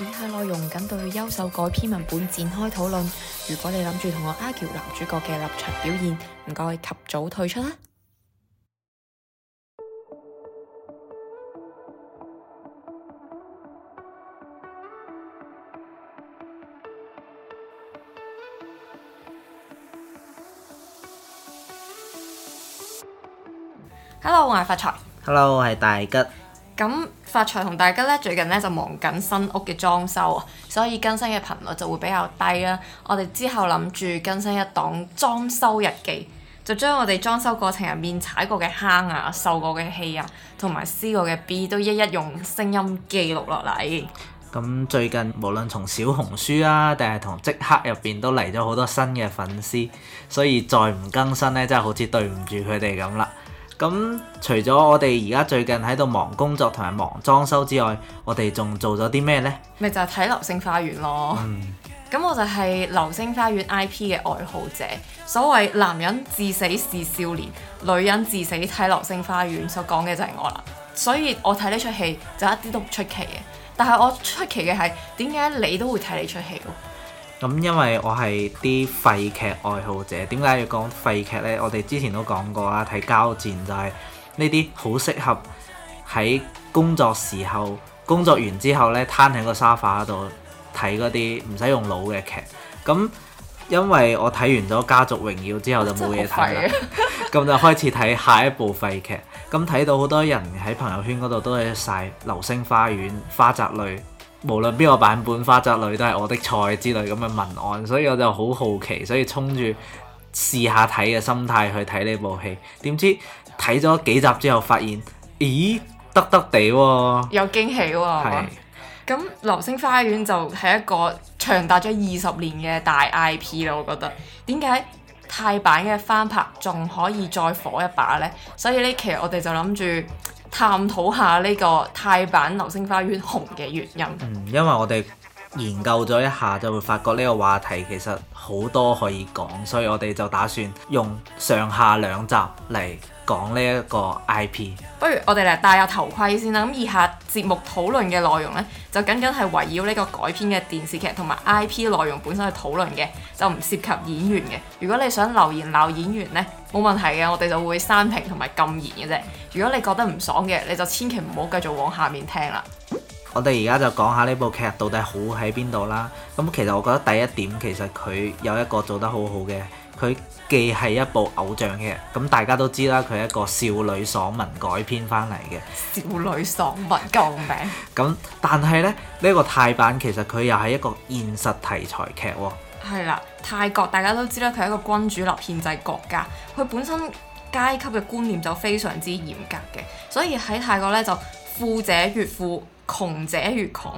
以下內容僅對優秀改編文本展開討論。如果你諗住同我 argue 男主角嘅立場表現，唔該及早退出啦。Hello，我係發財。Hello，我係大吉。咁發財同大吉咧，最近咧就忙緊新屋嘅裝修啊，所以更新嘅頻率就會比較低啦。我哋之後諗住更新一檔裝修日記，就將我哋裝修過程入面踩過嘅坑啊、受過嘅氣啊、同埋撕過嘅 B 都一一用聲音記錄落嚟。咁最近無論從小紅書啊，定係同即刻入邊都嚟咗好多新嘅粉絲，所以再唔更新咧，真係好似對唔住佢哋咁啦。咁除咗我哋而家最近喺度忙工作同埋忙裝修之外，我哋仲做咗啲咩呢？咪就係睇流星花園咯。咁 我就係流星花園 I P 嘅愛好者。所謂男人至死是少年，女人至死睇流星花園，所講嘅就係我啦。所以我睇呢出戲就一啲都唔出奇嘅。但係我出奇嘅係，點解你都會睇呢出戲？咁因為我係啲廢劇愛好者，點解要講廢劇呢？我哋之前都講過啦，睇交戰就係呢啲好適合喺工作時候、工作完之後呢，攤喺個沙發嗰度睇嗰啲唔使用腦嘅劇。咁因為我睇完咗《家族榮耀》之後就冇嘢睇啦，咁、啊、 就開始睇下一部廢劇。咁睇到好多人喺朋友圈嗰度都係晒《流星花園》《花澤類》。無論邊個版本，花澤類都係我的菜之類咁嘅文案，所以我就好好奇，所以衝住試下睇嘅心態去睇呢部戲，點知睇咗幾集之後發現，咦，得得地喎、哦，有驚喜喎、哦，係是。咁《流星花園》就係、是、一個長達咗二十年嘅大 IP 啦，我覺得。點解泰版嘅翻拍仲可以再火一把呢？所以呢期我哋就諗住。探討下呢個泰版《流星花園》紅嘅原因。嗯，因為我哋研究咗一下，就會發覺呢個話題其實好多可以講，所以我哋就打算用上下兩集嚟。講呢一個 IP，不如我哋嚟戴下頭盔先啦。咁以下節目討論嘅內容呢，就僅僅係圍繞呢個改編嘅電視劇同埋 IP 內容本身去討論嘅，就唔涉及演員嘅。如果你想留言鬧演員呢，冇問題嘅，我哋就會刪評同埋禁言嘅啫。如果你覺得唔爽嘅，你就千祈唔好繼續往下面聽啦。我哋而家就講下呢部劇到底好喺邊度啦。咁其實我覺得第一點，其實佢有一個做得好好嘅。佢既係一部偶像劇，咁大家都知啦，佢係一個少女爽文改編翻嚟嘅少女爽文，救命！咁 但係呢，呢、呢個泰版其實佢又係一個現實題材劇喎。係啦，泰國大家都知啦，佢係一個君主立憲制國家，佢本身階級嘅觀念就非常之嚴格嘅，所以喺泰國呢，就富者越富，窮者越窮。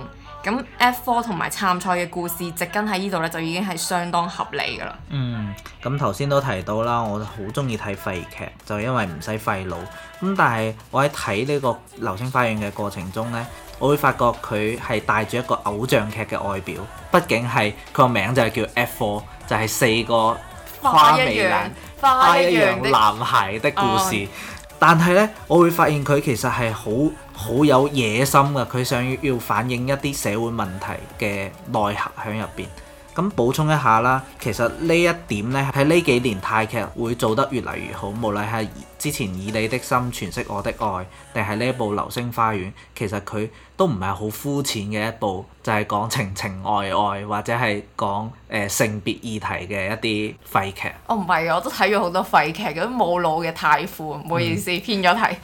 咁 F Four 同埋杉菜嘅故事，直跟喺呢度咧，就已經係相當合理噶啦。嗯，咁頭先都提到啦，我好中意睇廢劇，就因為唔使廢腦。咁但係我喺睇呢個流星花園嘅過程中呢，我會發覺佢係帶住一個偶像劇嘅外表，畢竟係佢個名就係叫 F Four，就係四個花，花美男花，花一樣男孩的故事。啊、但係呢，我會發現佢其實係好。好有野心㗎，佢想要反映一啲社會問題嘅內核喺入邊。咁補充一下啦，其實呢一點呢，喺呢幾年泰劇會做得越嚟越好。無論係之前以你的心詮釋我的愛，定係呢一部流星花園，其實佢都唔係好膚淺嘅一部，就係、是、講情情愛愛或者係講誒性別議題嘅一啲廢劇。我唔係嘅，我都睇咗好多廢劇，嗰啲冇腦嘅泰腐，唔好意思偏咗、嗯、題。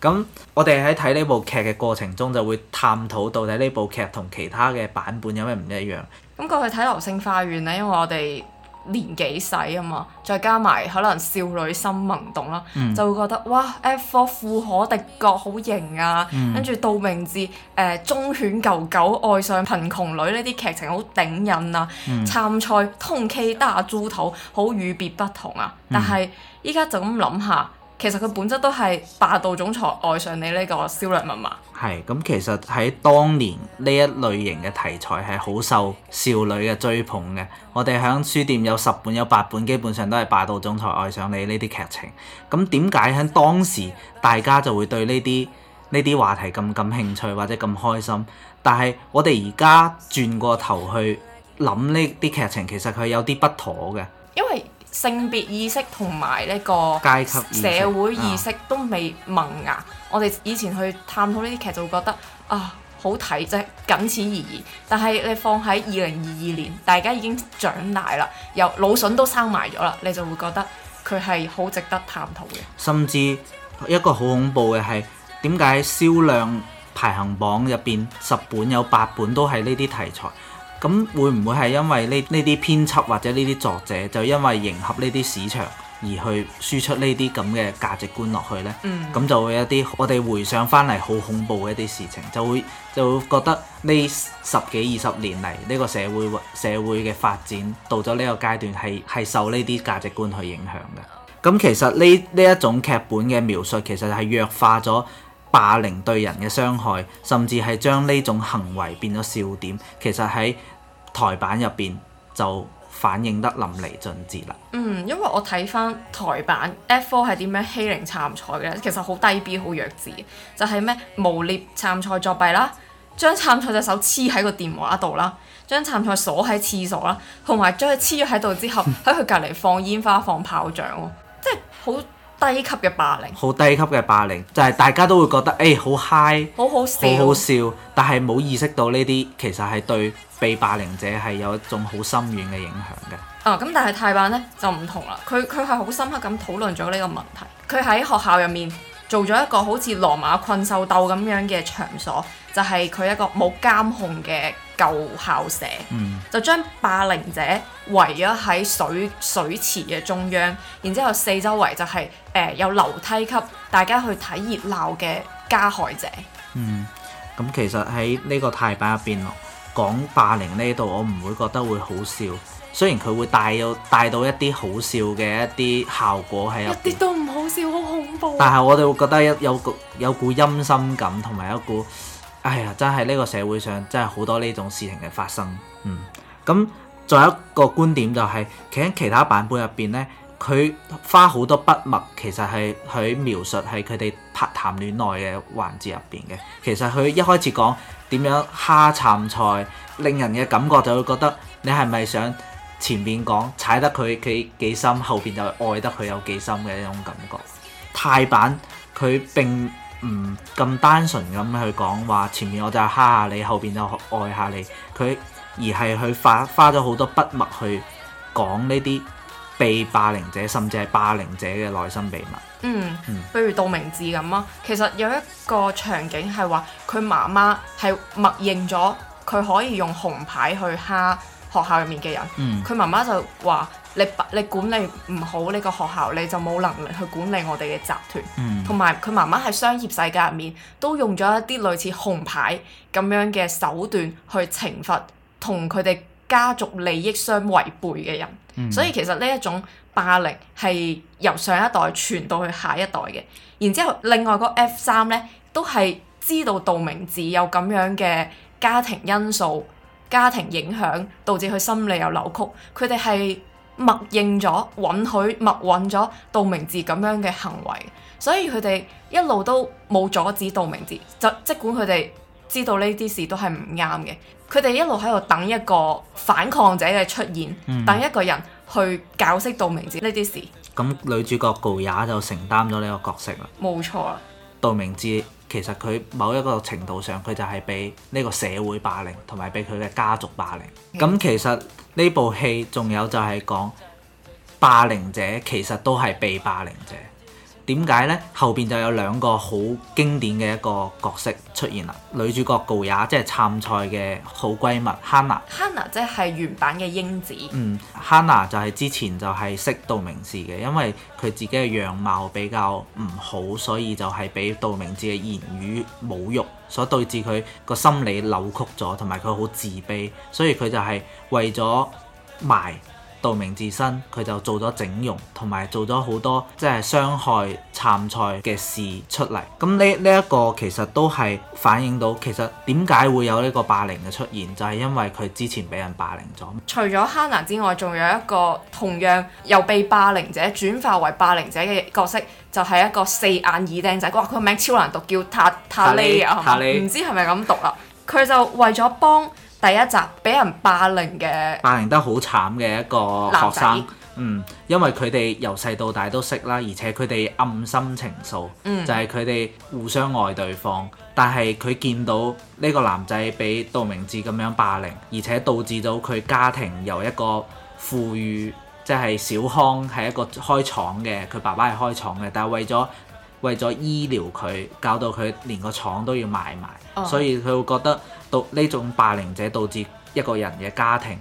咁我哋喺睇呢部劇嘅過程中，就會探討到底呢部劇同其他嘅版本有咩唔一樣。咁過去睇《流星花園》呢，因為我哋年紀細啊嘛，再加埋可能少女心萌動啦，嗯、就會覺得哇 F4 富可敵國好型啊，跟住道明寺誒忠犬狗狗愛上貧窮女呢啲劇情好頂癮啊，杉菜通 K 打豬肚好與別不同啊，但係依家就咁諗下。其實佢本質都係霸道總裁愛上你呢個銷量密碼。係，咁其實喺當年呢一類型嘅題材係好受少女嘅追捧嘅。我哋響書店有十本，有八本基本上都係霸道總裁愛上你呢啲劇情。咁點解喺當時大家就會對呢啲呢啲話題咁感興趣或者咁開心？但係我哋而家轉過頭去諗呢啲劇情，其實佢有啲不妥嘅。因為性別意識同埋呢個階級社會意識，意識、啊、都未萌芽，我哋以前去探討呢啲劇就會覺得啊好睇啫，僅此而已。但係你放喺二零二二年，大家已經長大啦，又老筍都生埋咗啦，你就會覺得佢係好值得探討嘅。甚至一個好恐怖嘅係點解喺銷量排行榜入邊十本有八本都係呢啲題材？咁會唔會係因為呢呢啲編輯或者呢啲作者就因為迎合呢啲市場而去輸出呢啲咁嘅價值觀落去呢？嗯，咁就會有啲我哋回想翻嚟好恐怖嘅一啲事情，就會就會覺得呢十幾二十年嚟呢個社會社會嘅發展到咗呢個階段係係受呢啲價值觀去影響嘅。咁其實呢呢一種劇本嘅描述其實係弱化咗。霸凌對人嘅傷害，甚至係將呢種行為變咗笑點，其實喺台版入邊就反映得淋漓盡致啦。嗯，因為我睇返台版 F4 係點樣欺凌杉菜嘅咧，其實好低 B 好弱智，就係咩誣衊杉菜作弊啦，將杉菜隻手黐喺個電話度啦，將杉菜鎖喺廁所啦，同埋將佢黐咗喺度之後喺佢隔離放煙花放炮仗喎、啊，即係好低級嘅霸凌，好低級嘅霸凌，就係、是、大家都會覺得，哎、欸，好嗨，好好笑，好好笑，但係冇意識到呢啲其實係對被霸凌者係有一種好深遠嘅影響嘅。啊、嗯，咁但係泰版呢就唔同啦，佢佢係好深刻咁討論咗呢個問題，佢喺學校入面做咗一個好似羅馬困獸鬥咁樣嘅場所，就係、是、佢一個冇監控嘅舊校舍，嗯、就將霸凌者圍咗喺水水池嘅中央，然之後四周圍就係、是、誒、呃、有樓梯級，大家去睇熱鬧嘅加害者。嗯，咁其實喺呢個泰版入邊咯，講霸凌呢度我唔會覺得會好笑，雖然佢會帶到帶到一啲好笑嘅一啲效果喺入邊，一啲都唔好笑，好恐怖、啊。但係我哋會覺得有有，有，有一股心感有股陰森感同埋一股。哎呀，真係呢個社會上真係好多呢種事情嘅發生，嗯。咁再有一個觀點就係，企喺其他版本入邊呢，佢花好多筆墨，其實係佢描述係佢哋拍談戀愛嘅環節入邊嘅。其實佢一開始講點樣蝦杉菜，令人嘅感覺就會覺得你係咪想前邊講踩得佢幾幾深，後邊就愛得佢有幾深嘅一種感覺。泰版佢並唔咁、嗯、單純咁去講話，前面我就蝦下你，後邊就愛下你。佢而係佢花花咗好多筆墨去講呢啲被霸凌者甚至係霸凌者嘅內心秘密。嗯譬、嗯、如道明寺咁囉，其實有一個場景係話佢媽媽係默認咗佢可以用紅牌去蝦。學校入面嘅人，佢、嗯、媽媽就話：你你管理唔好呢個學校，你就冇能力去管理我哋嘅集團。同埋佢媽媽喺商業世界入面，都用咗一啲類似紅牌咁樣嘅手段去懲罰同佢哋家族利益相違背嘅人。嗯、所以其實呢一種霸凌係由上一代傳到去下一代嘅。然之後，另外嗰 F 三呢，都係知道道明寺有咁樣嘅家庭因素。家庭影響導致佢心理有扭曲，佢哋係默認咗、允許默、默允咗道明寺咁樣嘅行為，所以佢哋一路都冇阻止道明寺。就即管佢哋知道呢啲事都係唔啱嘅，佢哋一路喺度等一個反抗者嘅出現，嗯、等一個人去教識道明寺。呢啲事。咁、嗯、女主角 Gorya 就承擔咗呢個角色啦，冇錯。道明寺。其實佢某一個程度上，佢就係被呢個社會霸凌，同埋被佢嘅家族霸凌。咁其實呢部戲仲有就係講霸凌者其實都係被霸凌者。點解呢？後邊就有兩個好經典嘅一個角色出現啦。女主角 Gorya 即係杉菜嘅好閨蜜 Hanna，Hanna 即係原版嘅英子。嗯 Hanna 就係之前就係識道明寺嘅，因為佢自己嘅樣貌比較唔好，所以就係俾道明寺嘅言語侮辱，所導致佢個心理扭曲咗，同埋佢好自卑，所以佢就係為咗賣。道明自身，佢就做咗整容，同埋做咗好多即係傷害杉菜嘅事出嚟。咁呢呢一個其實都係反映到，其實點解會有呢個霸凌嘅出現，就係因為佢之前俾人霸凌咗。除咗哈蘭之外，仲有一個同樣又被霸凌者轉化為霸凌者嘅角色，就係一個四眼耳釘仔。哇！佢個名超難讀，叫塔塔利啊，唔知係咪咁讀啦？佢就為咗幫。第一集俾人霸凌嘅，霸凌得好慘嘅一個男生，學生，嗯，因為佢哋由細到大都識啦，而且佢哋暗生情愫，嗯、就係佢哋互相愛對方。但係佢見到呢個男仔俾道明寺咁樣霸凌，而且導致到佢家庭由一個富裕即係、就是、小康，係一個開廠嘅，佢爸爸係開廠嘅，但係為咗為咗醫療佢，搞到佢連個廠都要賣埋，哦、所以佢會覺得。到呢種霸凌者導致一個人嘅家庭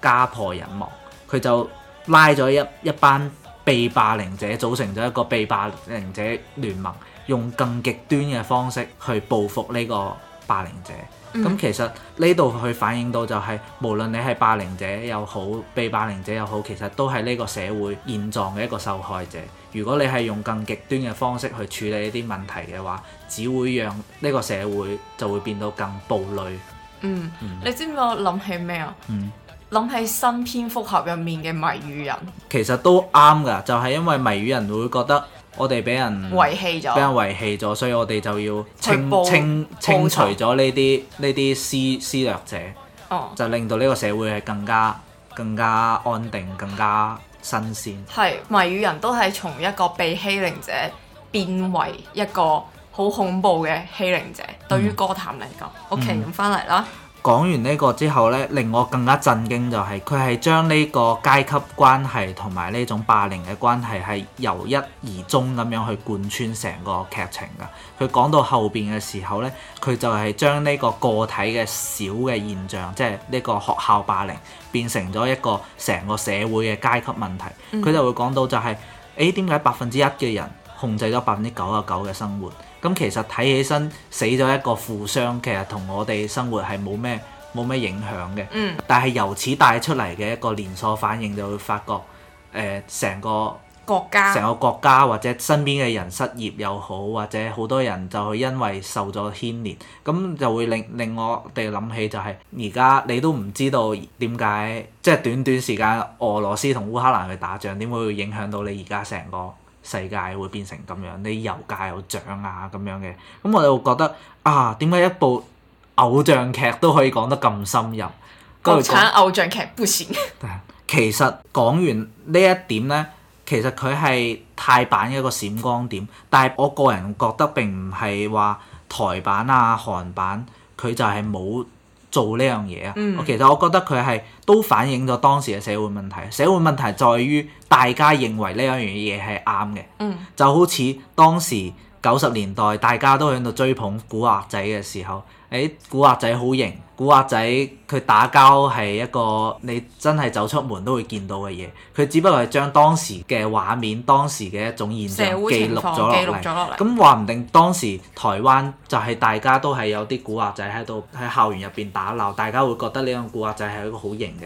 家破人亡，佢就拉咗一一班被霸凌者，組成咗一個被霸凌者聯盟，用更極端嘅方式去報復呢個霸凌者。咁、嗯、其實呢度去反映到就係、是，無論你係霸凌者又好，被霸凌者又好，其實都係呢個社會現狀嘅一個受害者。如果你係用更極端嘅方式去處理呢啲問題嘅話，只會讓呢個社會就會變到更暴戾。嗯，嗯，你知唔知我諗起咩啊？諗、嗯、起新蝙蝠俠入面嘅謎語人。其實都啱㗎，就係、是、因為謎語人會覺得我哋俾人，人遺棄咗，俾人遺棄咗，所以我哋就要清報清清，清除咗呢啲呢啲施施虐者，嗯、就令到呢個社會係更加更加安定，更加。新鮮係，謎語人都係從一個被欺凌者變為一個好恐怖嘅欺凌者。對於歌壇嚟講，OK，咁返嚟啦。講完呢個之後咧，令我更加震驚就係佢係將呢個階級關係同埋呢種霸凌嘅關係係由一而終咁樣去貫穿成個劇情噶。佢講到後邊嘅時候咧，佢就係將呢個個體嘅小嘅現象，即係呢個學校霸凌，變成咗一個成個社會嘅階級問題。佢、嗯、就會講到就係、是，哎點解百分之一嘅人，控制咗百分之九啊九嘅生活，咁其實睇起身死咗一個富商，其實同我哋生活係冇咩冇咩影響嘅。嗯，但係由此帶出嚟嘅一個連鎖反應就會發覺，誒、呃、成個國家，成個國家或者身邊嘅人失業又好，或者好多人就係因為受咗牽連，咁就會令令我哋諗起就係而家你都唔知道點解即係短短時間俄羅斯同烏克蘭去打仗，點會影響到你而家成個。世界會變成咁樣，你油價又漲啊咁樣嘅，咁、嗯、我就覺得啊，點解一部偶像劇都可以講得咁深入？國產偶，偶像劇不行。 其實講完呢一點呢，其實佢係泰版一個閃光點，但係我個人覺得並唔係話台版啊、韓版佢就係冇。做呢樣嘢啊，嗯、其實我覺得佢係都反映咗當時嘅社會問題。社會問題在於大家認為呢樣嘢係啱嘅，嗯、就好似當時，九十年代大家都喺度追捧古惑仔嘅時候，誒古惑仔好型，古惑仔佢打交係一個你真係走出門都會見到嘅嘢，佢只不過係將當時嘅畫面、當時嘅一種現象記錄咗落嚟。咁話唔定當時台灣就係大家都係有啲古惑仔喺度喺校園入邊打鬧，大家會覺得呢個古惑仔係一個好型嘅。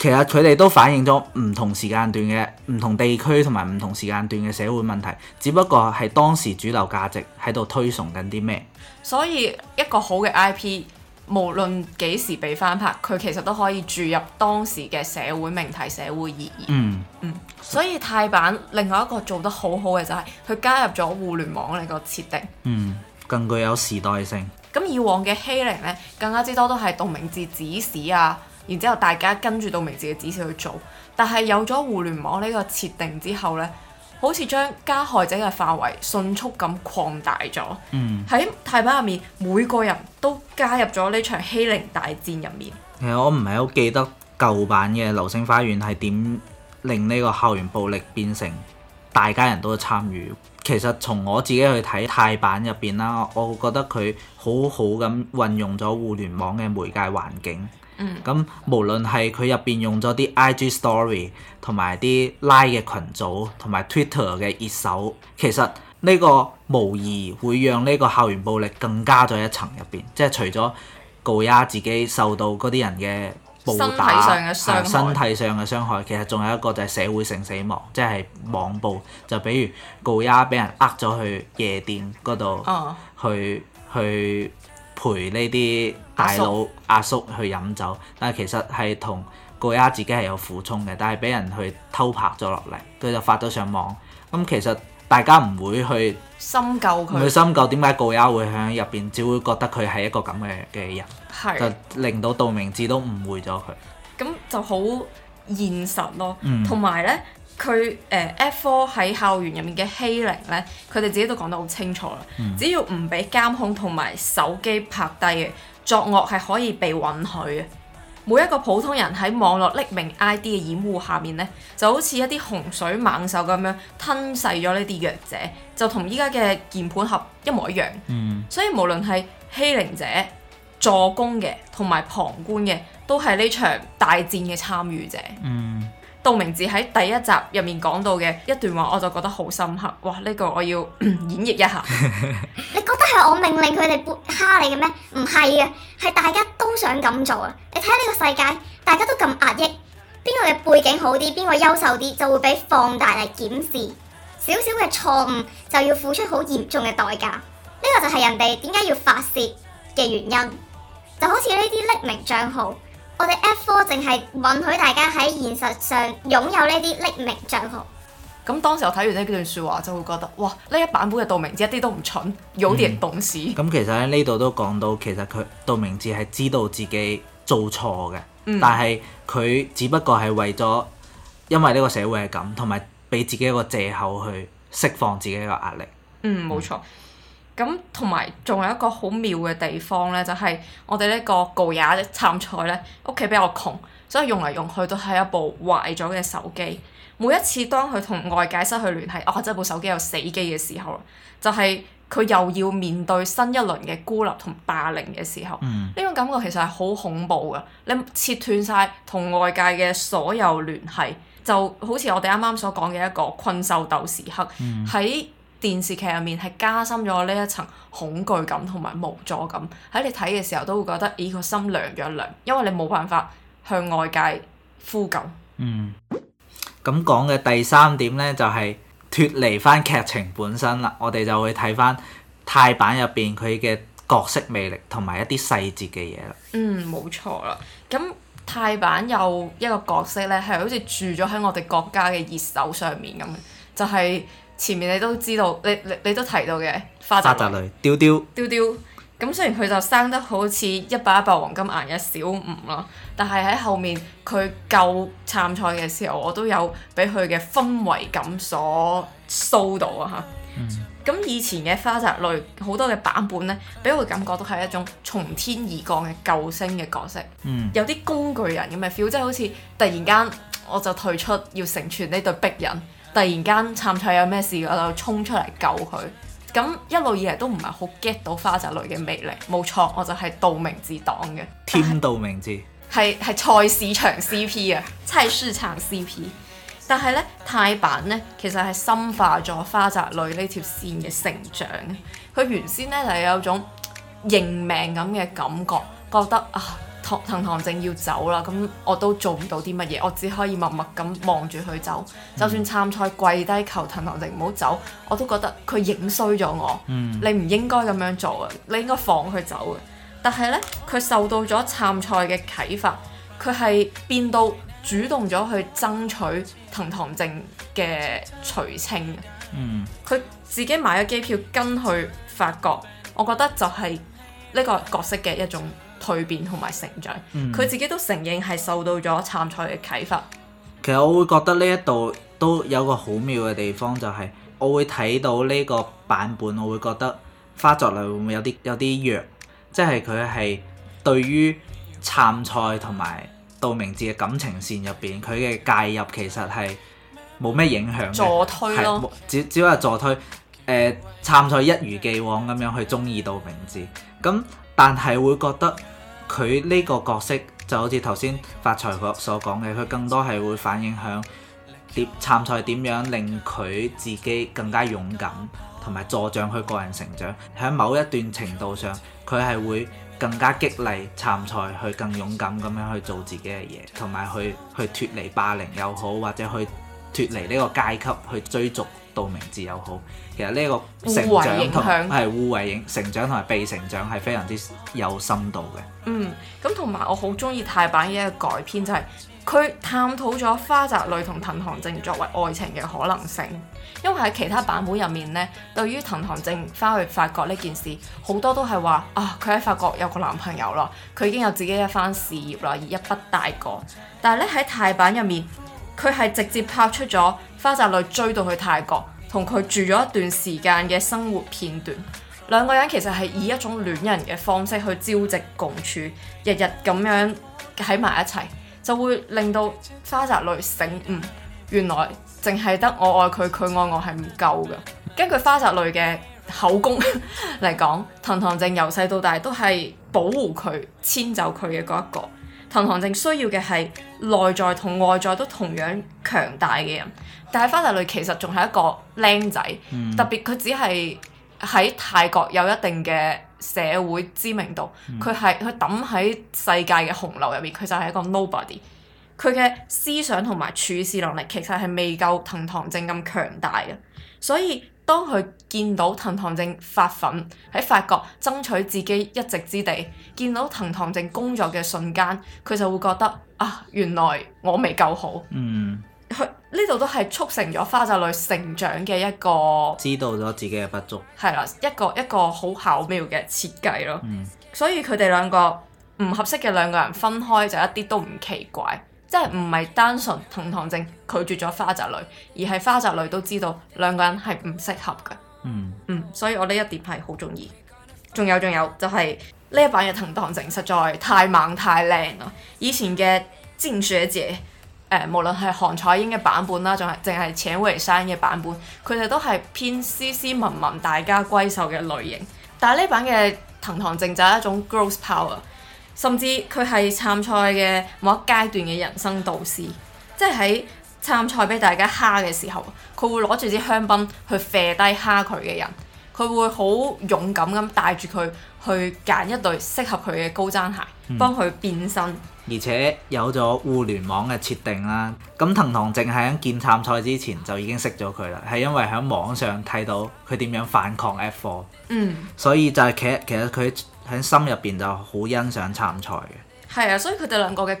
其實佢哋都反映咗唔同時間段嘅唔同地區同埋唔同時間段嘅社會問題，只不過係當時主流價值喺度推崇緊啲咩。所以一個好嘅 IP，無論幾時被翻拍，佢其實都可以注入當時嘅社會命題、社會意義。嗯嗯。所以泰版另外一個做得好好嘅就係、是、佢加入咗互聯網呢個設定。嗯，更具有時代性。咁以往嘅欺凌呢，更加之多都係動名字指使啊。然之後，大家跟住道明寺嘅指示去做，但係有咗互聯網呢個設定之後呢，好似將加害者嘅範圍迅速咁擴大咗。嗯，喺泰版入面，每個人都加入咗呢場欺凌大戰入面。係啊，我唔係好記得舊版嘅《流星花園》係點令呢個校園暴力變成大家人都參與。其實從我自己去睇泰版入邊啦，我覺得佢好好咁運用咗互聯網嘅媒介環境。咁、嗯、無論係佢入邊用咗啲 IG Story 同埋啲 Line 嘅群組，同埋 Twitter 嘅熱搜，其實呢個無疑會讓呢個校園暴力更加咗一層入邊。即係除咗 Goya 自己受到嗰啲人嘅暴打身、嗯，身體上嘅傷害，嗯、其實仲有一個就係社會性死亡，即係網暴。就比如 Goya 俾人呃咗去夜店嗰度，去、哦、去陪呢啲，大佬阿叔去飲酒，但係其實係同 Gorya 自己係有苦衷嘅，但係俾人去偷拍咗落嚟，佢就發咗上網。咁、嗯、其實大家唔會去深究佢，唔會深究點解 Gorya 會喺入邊，只會覺得佢係一個咁嘅嘅人，是就令到道明寺都誤會咗佢。咁就好現實咯，同埋咧，佢誒、呃、F four 喺校園入面嘅欺凌咧，佢哋自己都講得好清楚啦。嗯、只要唔俾監控同埋手機拍低嘅。作惡係可以被允許嘅，每一個普通人喺網絡匿名 ID 嘅掩護下面，呢就好似一啲洪水猛獸咁樣吞噬咗呢啲弱者，就同依家嘅鍵盤俠一模一樣。嗯，所以無論係欺凌者、助攻嘅同埋旁觀嘅，都係呢場大戰嘅參與者。嗯。道明寺喺第一集入面講到嘅一段話，我就覺得好深刻。哇！呢個我要 演繹一下。 你覺得係我命令佢哋背蝦你嘅咩？唔係嘅，係大家都想咁做啊！你睇下呢個世界，大家都咁壓抑，邊個嘅背景好啲，邊個優秀啲，就會畀放大嚟檢視。小小嘅錯誤就要付出好嚴重嘅代價。呢個就係人哋點解要發泄嘅原因。就好似呢啲匿名帳號。我哋 F four 淨係允許大家喺現實上擁有呢啲匿名賬號。咁當時我睇完呢段說話，就會覺得哇，呢一版本嘅道明寺一啲都唔蠢，有啲人懂事。咁、嗯、其實喺呢度都講到，其實佢道明寺係知道自己做錯嘅，嗯、但係佢只不過係為咗因為呢個社會係咁，同埋俾自己一個借口去釋放自己一個壓力。嗯，冇錯。嗯咁同埋仲有一個好妙嘅地方咧，就係、是、我哋呢個 gorya 杉菜咧，屋企比較窮，所以用嚟用去都係一部壞咗嘅手機。每一次當佢同外界失去聯繫，哦，即係部手機有死機嘅時候，就係、是、佢又要面對新一輪嘅孤立同霸凌嘅時候。呢、嗯、種感覺其實係好恐怖噶，你切斷晒同外界嘅所有聯繫，就好似我哋啱啱所講嘅一個困獸鬥時刻喺。嗯電視劇入面係加深咗呢一層恐懼感同埋無助感，喺你睇嘅時候都會覺得，咦個心涼咗涼，因為你冇辦法向外界呼緊。嗯，咁講嘅第三點呢，就係脫離翻劇情本身啦，我哋就會睇翻泰版入邊佢嘅角色魅力同埋一啲細節嘅嘢啦。嗯，冇錯啦。咁泰版有一個角色呢，係好似住咗喺我哋國家嘅熱搜上面咁就係。前面你都知道，你你，你都提到嘅花澤類、丟丟、丟丟，咁雖然佢就生得好似一百一百黃金顏嘅小五啦，但係喺後面佢救杉菜嘅時候，我都有俾佢嘅氛圍感所騷到啊！吓，咁、嗯、以前嘅花澤類好多嘅版本呢，俾我感覺都係一種從天而降嘅救星嘅角色，嗯、有啲工具人咁嘅 feel，即係好似突然間我就退出要成全呢對璧人。突然間，杉菜有咩事，我就衝出嚟救佢。咁一路以嚟都唔係好 get 到花澤類嘅魅力。冇錯，我就係道明寺黨嘅。天道明寺係係菜市場 CP 啊，真係菜市場 CP。但係呢，泰版呢其實係深化咗花澤類呢條線嘅成長。佢原先呢就有種認命咁嘅感覺，覺得啊。呃藤堂靜要走啦，咁我都做唔到啲乜嘢，我只可以默默咁望住佢走。嗯、就算杉菜跪低求藤堂靜唔好走，我都覺得佢影衰咗我。嗯、你唔應該咁樣做啊，你應該放佢走嘅。但係呢，佢受到咗杉菜嘅啟發，佢係變到主動咗去爭取藤堂靜嘅垂青。佢、嗯、自己買咗機票跟去法國，我覺得就係呢個角色嘅一種。蛻變同埋成長，佢、嗯、自己都承認係受到咗杉菜嘅啟發。其實我會覺得呢一度都有個好妙嘅地方，就係、是、我會睇到呢個版本，我會覺得花澤類會唔會有啲有啲弱，即係佢係對於杉菜同埋道明寺嘅感情線入邊，佢嘅介入其實係冇咩影響助推咯，只只係助推。誒、呃，杉菜一如既往咁樣去中意道明寺咁。但係會覺得佢呢個角色就好似頭先發財所講嘅，佢更多係會反映響啲杉菜點樣令佢自己更加勇敢，同埋助長佢個人成長。喺某一段程度上，佢係會更加激勵杉菜去更勇敢咁樣去做自己嘅嘢，同埋去去脱離霸凌又好，或者去。脱離呢個階級去追逐道明寺又好，其實呢個成長同係互為影響，影成長同埋被成長係非常之有深度嘅。嗯，咁同埋我好中意泰版嘅一個改編就係、是、佢探討咗花澤類同藤堂靜作為愛情嘅可能性，因為喺其他版本入面呢，對於藤堂靜翻去法國呢件事，好多都係話啊，佢喺法國有個男朋友啦，佢已經有自己一番事業啦，而一筆帶過。但係咧喺泰版入面。佢係直接拍出咗花澤類追到去泰國，同佢住咗一段時間嘅生活片段。兩個人其實係以一種戀人嘅方式去朝夕共處，日日咁樣喺埋一齊，就會令到花澤類醒悟，原來淨係得我愛佢，佢愛我係唔夠嘅。根據花澤類嘅口供嚟 講，藤堂靜由細到大都係保護佢、遷就佢嘅嗰一個。藤堂靜需要嘅係內在同外在都同樣強大嘅人，但係花澤類其實仲係一個靚仔，嗯、特別佢只係喺泰國有一定嘅社會知名度，佢係佢抌喺世界嘅洪流入面，佢就係一個 nobody，佢嘅思想同埋處事能力其實係未夠藤堂靜咁強大嘅，所以。當佢見到藤堂靜發奮喺法國爭取自己一席之地，見到藤堂靜工作嘅瞬間，佢就會覺得啊，原來我未夠好。嗯，佢呢度都係促成咗花澤類成長嘅一個，知道咗自己嘅不足。係啦，一個一個好巧妙嘅設計咯。嗯，所以佢哋兩個唔合適嘅兩個人分開就一啲都唔奇怪。即係唔係單純藤堂靜拒絕咗花澤類，而係花澤類都知道兩個人係唔適合嘅。嗯嗯，所以我呢一點係好中意。仲有仲有就係、是、呢一版嘅藤堂靜實在太猛太靚啦！以前嘅千雪姐誒、呃，無論係韓彩英嘅版本啦，仲係淨係錢韋杉嘅版本，佢哋都係偏斯斯文文大家閨秀嘅類型。但係呢版嘅藤堂靜就係一種 girls power。甚至佢係杉菜嘅某一階段嘅人生導師，即係喺杉菜俾大家蝦嘅時候，佢會攞住支香檳去射低蝦佢嘅人，佢會好勇敢咁帶住佢去揀一對適合佢嘅高踭鞋，嗯、幫佢變身。而且有咗互聯網嘅設定啦，咁藤堂靜係喺見杉菜之前就已經識咗佢啦，係因為喺網上睇到佢點樣反抗 F4、嗯，所以就係其實其實佢。喺心入邊就好欣賞杉菜嘅，係啊，所以佢哋兩個嘅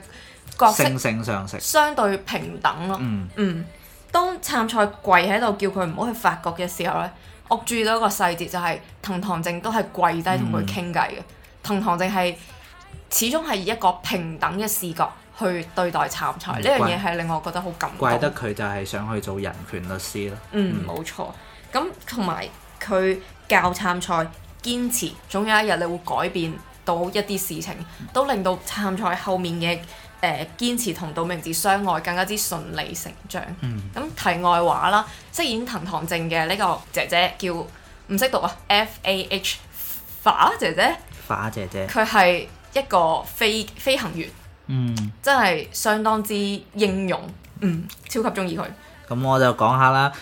角色性性上食相對平等咯。嗯嗯，當杉菜跪喺度叫佢唔好去法國嘅時候咧，我注意到一個細節就係、是、藤堂靜都係跪低、嗯、同佢傾偈嘅。藤堂靜係始終係以一個平等嘅視角去對待杉菜呢、嗯、樣嘢，係令我覺得好感。怪得佢就係想去做人權律師咯。嗯，冇、嗯、錯。咁同埋佢教杉菜。堅持，總有一日你會改變到一啲事情，都令到站在後面嘅誒、呃、堅持同道明寺相愛更加之順利成章。咁、嗯、題外話啦，飾演藤堂靜嘅呢個姐姐叫唔識讀啊，F A H 花姐姐。花姐姐佢係一個飛飛行員，嗯，真係相當之英勇，嗯，超級中意佢。咁我就講下啦，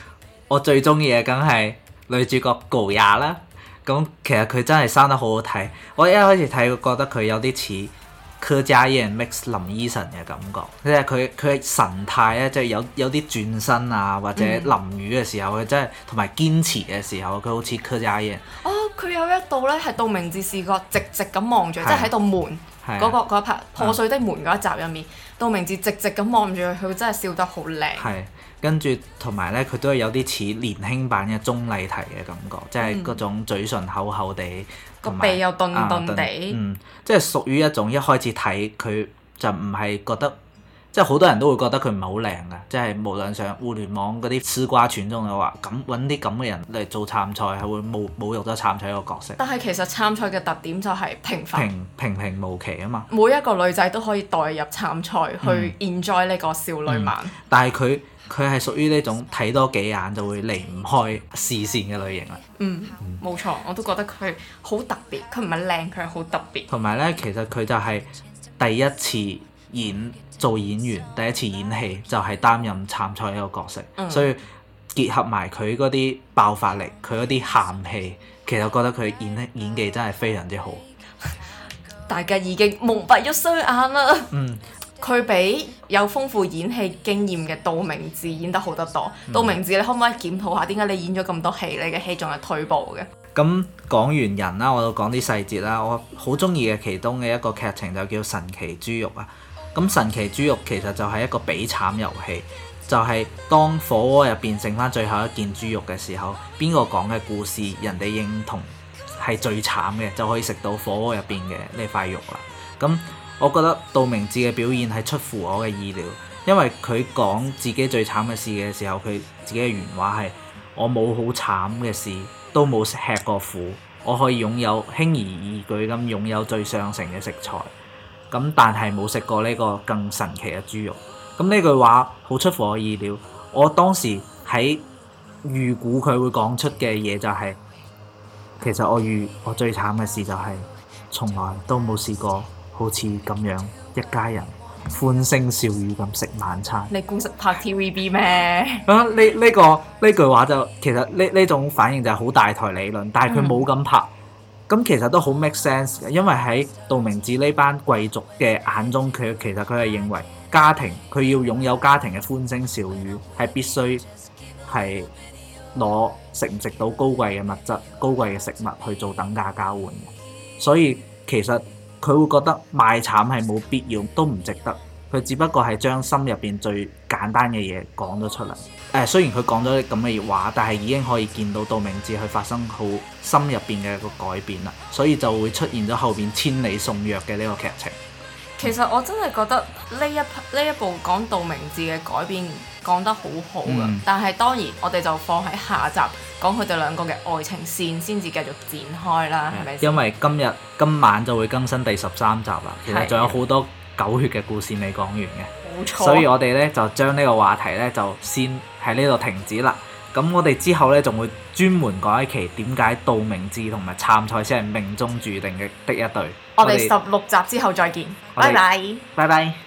我最中意嘅梗係女主角 Gorya 啦。咁其實佢真係生得好好睇，我一開始睇我覺得佢有啲似柯佳嬿 Mix 林依晨嘅感覺，即係佢佢神態咧，即、就、係、是、有有啲轉身啊，或者淋雨嘅時候，佢、嗯、真係同埋堅持嘅時候，佢好似柯佳嬿啊。佢有一度咧係道明寺視角直直咁望住，嗯、即係喺度門嗰、啊那個一拍破碎的門嗰一集入面，道、嗯、明寺直直咁望住佢，佢真係笑得好靚。跟住同埋咧，佢都係有啲似年輕版嘅鍾麗緹嘅感覺，即係嗰種嘴唇厚厚地，個、嗯呃、鼻又敦敦地，嗯，即係屬於一種一開始睇佢就唔係覺得，即係好多人都會覺得佢唔係好靚嘅，即係無論上互聯網嗰啲食瓜群眾嘅話，咁揾啲咁嘅人嚟做杉菜係會侮侮辱咗杉菜一個角色。但係其實杉菜嘅特點就係平凡平平平無奇啊嘛，每一個女仔都可以代入杉菜去 enjoy 呢個少女漫、嗯，但係佢。佢係屬於呢種睇多幾眼就會離唔開視線嘅類型啦。嗯，冇錯，我都覺得佢好特別。佢唔係靚，佢係好特別。同埋呢，其實佢就係第一次演做演員，第一次演戲就係、是、擔任參賽一個角色，嗯、所以結合埋佢嗰啲爆發力，佢嗰啲喊戲，其實我覺得佢演演技真係非常之好。 大家已經蒙蔽咗雙眼啦。嗯。佢比有豐富演戲經驗嘅道明寺演得好得多。嗯、道明寺，你可唔可以檢討下點解你演咗咁多戲，你嘅戲仲係退步嘅？咁、嗯、講完人啦，我就講啲細節啦。我好中意嘅其中嘅一個劇情就叫神奇豬肉啊。咁神奇豬肉其實就係一個比慘遊戲，就係、是、當火鍋入邊剩翻最後一件豬肉嘅時候，邊個講嘅故事，人哋認同係最慘嘅，就可以食到火鍋入邊嘅呢塊肉啦。咁我覺得道明寺嘅表現係出乎我嘅意料，因為佢講自己最慘嘅事嘅時候，佢自己嘅原話係：我冇好慘嘅事，都冇食吃過苦，我可以擁有輕而易舉咁擁有最上乘嘅食材。咁但係冇食過呢個更神奇嘅豬肉。咁呢句話好出乎我意料。我當時喺預估佢會講出嘅嘢就係、是，其實我預我最慘嘅事就係、是、從來都冇試過。好似咁樣一家人歡聲笑語咁食晚餐。你估實拍 TVB 咩？啊，呢、這、呢個呢句、這個、話就其實呢呢種反應就係好大台理論，但係佢冇咁拍。咁、嗯嗯、其實都好 make sense 嘅，因為喺道明寺呢班貴族嘅眼中，佢其實佢係認為家庭佢要擁有家庭嘅歡聲笑語係必須係攞食唔食到高貴嘅物質、高貴嘅食物去做等價交換。所以其實。佢會覺得賣慘係冇必要，都唔值得。佢只不過係將心入邊最簡單嘅嘢講咗出嚟。誒、呃，雖然佢講咗啲咁嘅話，但係已經可以見到道明寺佢發生好心入邊嘅一個改變啦。所以就會出現咗後邊千里送藥嘅呢個劇情。其實我真係覺得呢一呢一部講道明寺嘅改變講得好好㗎，嗯、但係當然我哋就放喺下集講佢哋兩個嘅愛情線先至繼續展開啦，係咪、嗯？是是因為今日今晚就會更新第十三集啦，其實仲有好多狗血嘅故事未講完嘅，冇錯的。所以我哋咧就將呢個話題咧就先喺呢度停止啦。咁我哋之後呢，仲會專門講一期點解道明寺同埋杉菜先係命中註定嘅的一對。我哋十六集之後再見。拜拜，拜拜。